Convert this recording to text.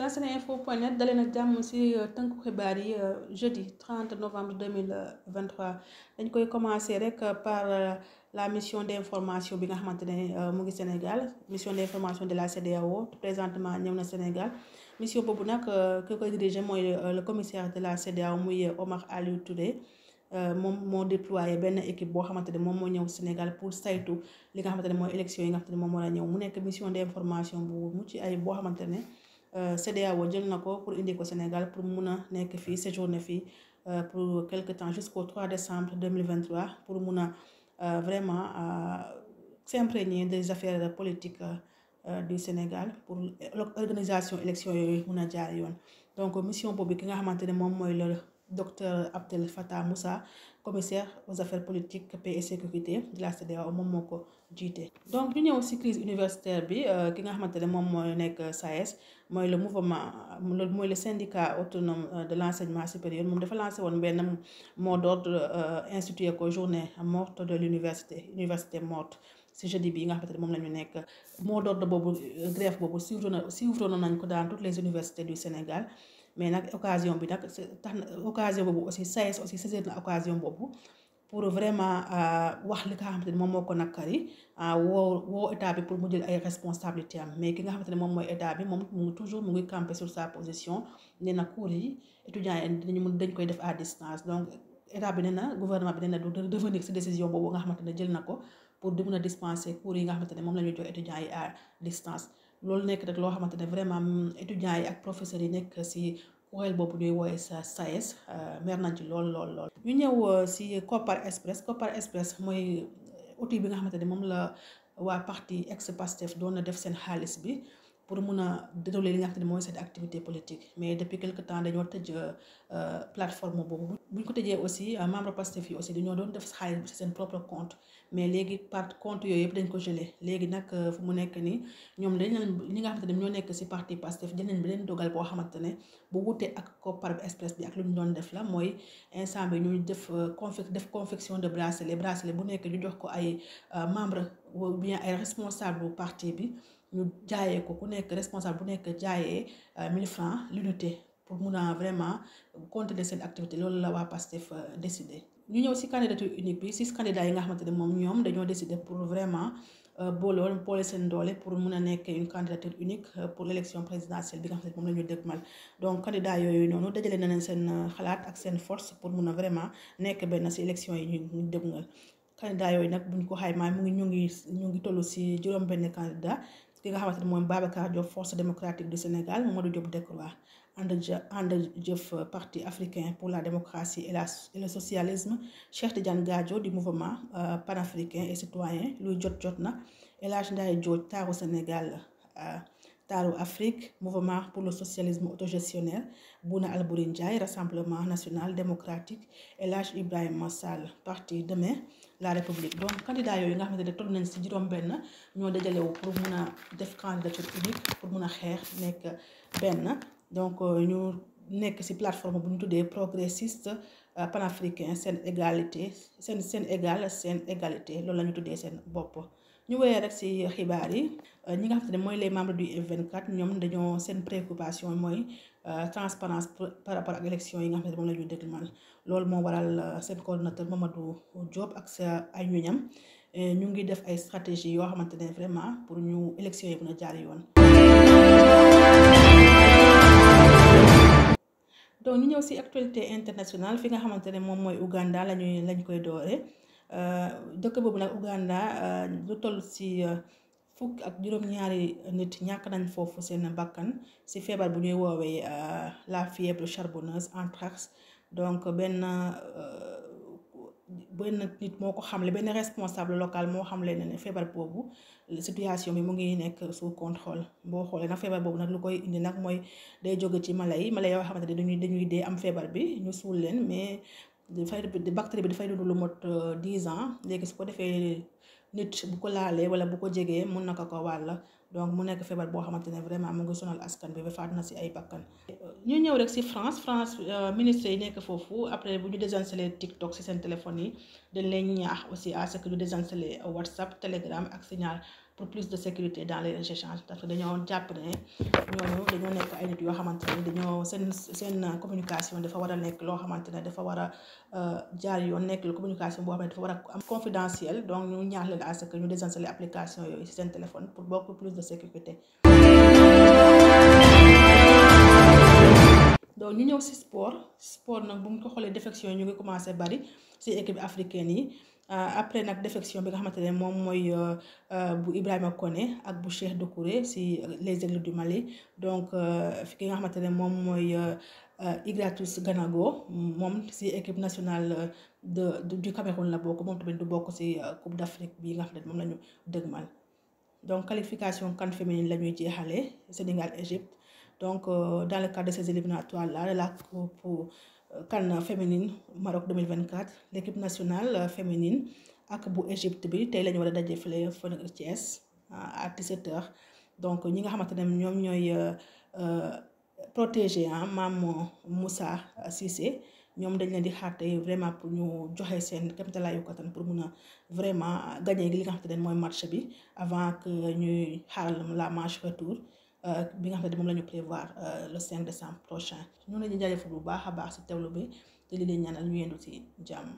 international seneinfo point net dalee nag jàmm si euh, tënku xibaar yi euh, jeudi 30 novembre 2023 dañ koy commencer rek euh, par la mission d'information bi nga xamante ne mu ngi Sénégal mission d'information de la CEDEAO présentement ñëw na Sénégal mission boobu nag ki koy diriger mooy le commissaire de la CEDEAO muy Omar Aliou Touré moom moo déployé benn équipe boo xamante ne moom moo ñëw Sénégal pour saytu li nga xamante ne mooy élection yi nga xamante ne moom moo la ñëw mu nekk mission d'information bu mucc boo xamante ne Euh, CEDEAO jël na ko pour indi ko Sénégal pour mun a nekk fii séjourner fii euh, pour quelque temps jusqu'au 3 décembre 2023 pour mun a euh, vraiment s'imprégner des affaires politiques du Sénégal pour organisation élection yooyu mun a jaar yoon donc mission boobu ki nga xamante ne moom mooy le docteur Abdel Fattah Moussa commissaire aux affaires politiques paix et sécurité de la CEDEAO moom moo ko jiite. donc ñu ñëw ci crise universitaire bi euh, ki nga xamante ne moom mooy nekk SAES e mooy le mouvement loolu mooy le syndicat autonome euh, de l' enseignement supérieur moom defa lancé woon benn mot d'ordre euh, institué ko journée morte de l'université université morte. ci jeudi bi nga xamante ne moom la ñu nekk moo d'ordre boobu grève boobu suivre na suivre nañ ko daan toutes les universités du Sénégal mais nag occasion bi nag na occasion boobu aussi SAES aussi saisir na occasion boobu pour vraiment euh, wax li nga xamante ne moom moo ko nakari euh, bi pour mu jël ay responsabilité am mais ki nga xamante ne moom mooy état bi moom mu ngi toujours mu ngi camper sur sa position nee na cours yi koy def à distance donc état bi nee na gouvernement bi nee na du décision boobu nga xamante ne jël na ko pour di mun a dispenser cours yi nga xamante ne moom la ñu jox étudiants yi à distance loolu nekk rek loo xamante ne vraiment étudiants yi ak professeurs yi nekk si kuréel boobu ñuy woowee sa SAES euh, mer nañ ci lool lool lool. ñu ñëw euh, si Kopar Express Kopar Express mooy euh, outil bi nga xamante ni moom la waa parti ex Pastef doon na def seen xaalis bi. pour mun a dérouler li nga xam ne mooy seen activité politique mais depuis quelque temps dañoo tëj euh, plateforme bu buñ ko tëjee aussi euh, membre Pastef yi aussi dañoo doon def xaalis ci seen propre compte mais léegi par compte yooyu yëpp dañ ko gelé léegi nag euh, fu mu nekk nii ñoom dañ leen nga xamante ne ñoo nekk ci parti Pastef jël nañ beneen dogal boo xamante ne bu wutee ak koppar bi ak lu ñu doon def la mooy instant bi ñu def confe def confection de bracelet bracelet bu nekk ñu jox ko ay membre ou bien ay responsable bu parti bi ñu jaayee ko ku nekk responsable bu nekk jaayee 1000 euh, francs l'unité pour mun a vraiment continuer seen activité loolu la waa PASTEF euh, décidé. ñu ñëw si candidature unique bi six candidats yi nga xamante ne moom ñoom dañoo décidé pour vraiment euh, boolool boole seen doole pour mun a nekk une candidature pour l' élection présidentielle bi nga xamante ne moom la ñu dëgmal donc candidat yooyu noonu dajale na leen seen xalaat ak seen force pour mun a vraiment nekk benn si élection yi ñu dëgmal candidat yooyu nag buñ ko xaymaa mu ngi ñu ngi ñu ngi toll si juróom benn candidat ki nga xamante ne moom Babacar Diop force démocratique du Sénégal Mamadou Diop Decroix ànd jë jëf parti africain pour la démocratie et la et le socialisme Cheikh Tidiane Gadio du mouvement euh, panafricain et citoyen luy jot jot na El Hadj Ndiaye Diop taaru Sénégal. Euh, taaru Afrique mouvement pour le socialisme autogestionnaire Bouna Albouri Ndiaye rassemblement national démocratique El Hadj Ibrahima Sall parti Demain la République donc candidat yooyu nga xamante ne de toll nañ ci juróom-benn ñoo dajale wu pour mun a def candidature unique pour mun a xeex nekk benn donc euh, ñu nekk ci plateforme bu ñu tuddee progressiste euh, panafricain seen égalité seen seen égal seen égalité loolu la ñu tuddee seen bopp. ñu wéyee rek ci xibaar yi euh, ñi nga xam ne mooy les membres du F24 ñoom dañoo seen préoccupation mooy euh, transparence par rapport ak élection yi nga xam ne moom la ñu déglumal loolu moo waral euh, seen coordonnateur Mamadou Diop ak sa ay ñu ñam ñu ngi def ay stratégie yoo xamante ne vraiment pour ñu élection yi mën jaar yoon. donc ñëw ci actualité internationale fi nga xamante ne moom mooy Ouganda lañuy lañ koy doore Euh, dëkk boobu nag Uganda euh, lu toll ci euh, fukk ak juróom-ñaari nit ñàkk nañ foofu seen bàkkan ci feebar bu ñuy woowee la fièvre charbonneuse anthrax donc benn benn nit moo ko xam xamle benn responsable local moo xamle ne feebar boobu situation bi mu ngi nekk sous contrôle boo xoolee nag feebar boobu nag lu koy indi nag mooy day jóge ci mala yi mala yoo xamante ne dañuy dañuy dee am feebar bi ñu suul leen mais. dafay bactérie bi dafay du lu mot euh, dix ans léegi su ko defee nit bu ko laalee wala bu ko jegee mun na ko ko wàll donc mu nekk feebar boo xamante ne vraiment mu ngi sonal askan bi ba faat na si ay bakkan ñu ñëw rek si France France euh, ministre yi nekk foofu après bu ñu désinstallé TikTok si seen téléphone yi dañ leen ñaax aussi à ce que ñu désinstallé WhatsApp Telegram ak ñaar pour plus de sécurité dans les échanges parce que dañoo jàpp ne ñooñu dañoo nekk ay nit yoo xamante ne dañoo seen seen communication dafa war a nekk loo xamante ne dafa war a euh, jaar yoon nekk la communication boo xam ne dafa war a am confidentiel donc ñu ñaax leen à ce que ñu désinstaller application pour beaucoup plus de sécurité donc ñu ñëw ci sport sport nag bu ñu ko xoolee défection ñu ngi commencé bari ci équipe africaine yi Euh, après nag défection bi nga xamante ne moom mooy euh, euh, bu Ibrahima Koné ak bu Cheikh Doucouré si les Aigles du Mali donc ki nga xamante ne moom mooy Igratus Ganago moom si équipe nationale de du Cameroun la bokk moom tamit du bokk si Coupe d'Afrique bi nga xam ne moom la ñu dëgmal donc qualification CAN féminine la ñuy jeexale Sénégal Égypte donc dans le cadre de ces éliminatoires là de la Coupe CAN féminine Maroc 2024 l'équipe national féminine ak bu Égypte bi tey la ñu war a daje fële fële ci Thiès à 17 donc ñi nga xamante ne ñoom ñooy euh, protéger ah maam Moussa Cissé ñoom dañ leen di xaar tey vraiment pour ñu joxe seen kéemtalaayu kattan pour mun a vraiment gagner li nga xamante ne mooy match bi avant que ñuy xaaral la match retour. bi nga xam ne moom la ñu prévoir euh, le 5 décembre prochain ñu la ñu jaajëfal bu baax a baax si teewlu bi te li leen ñaanal ñu yendu ci jàmm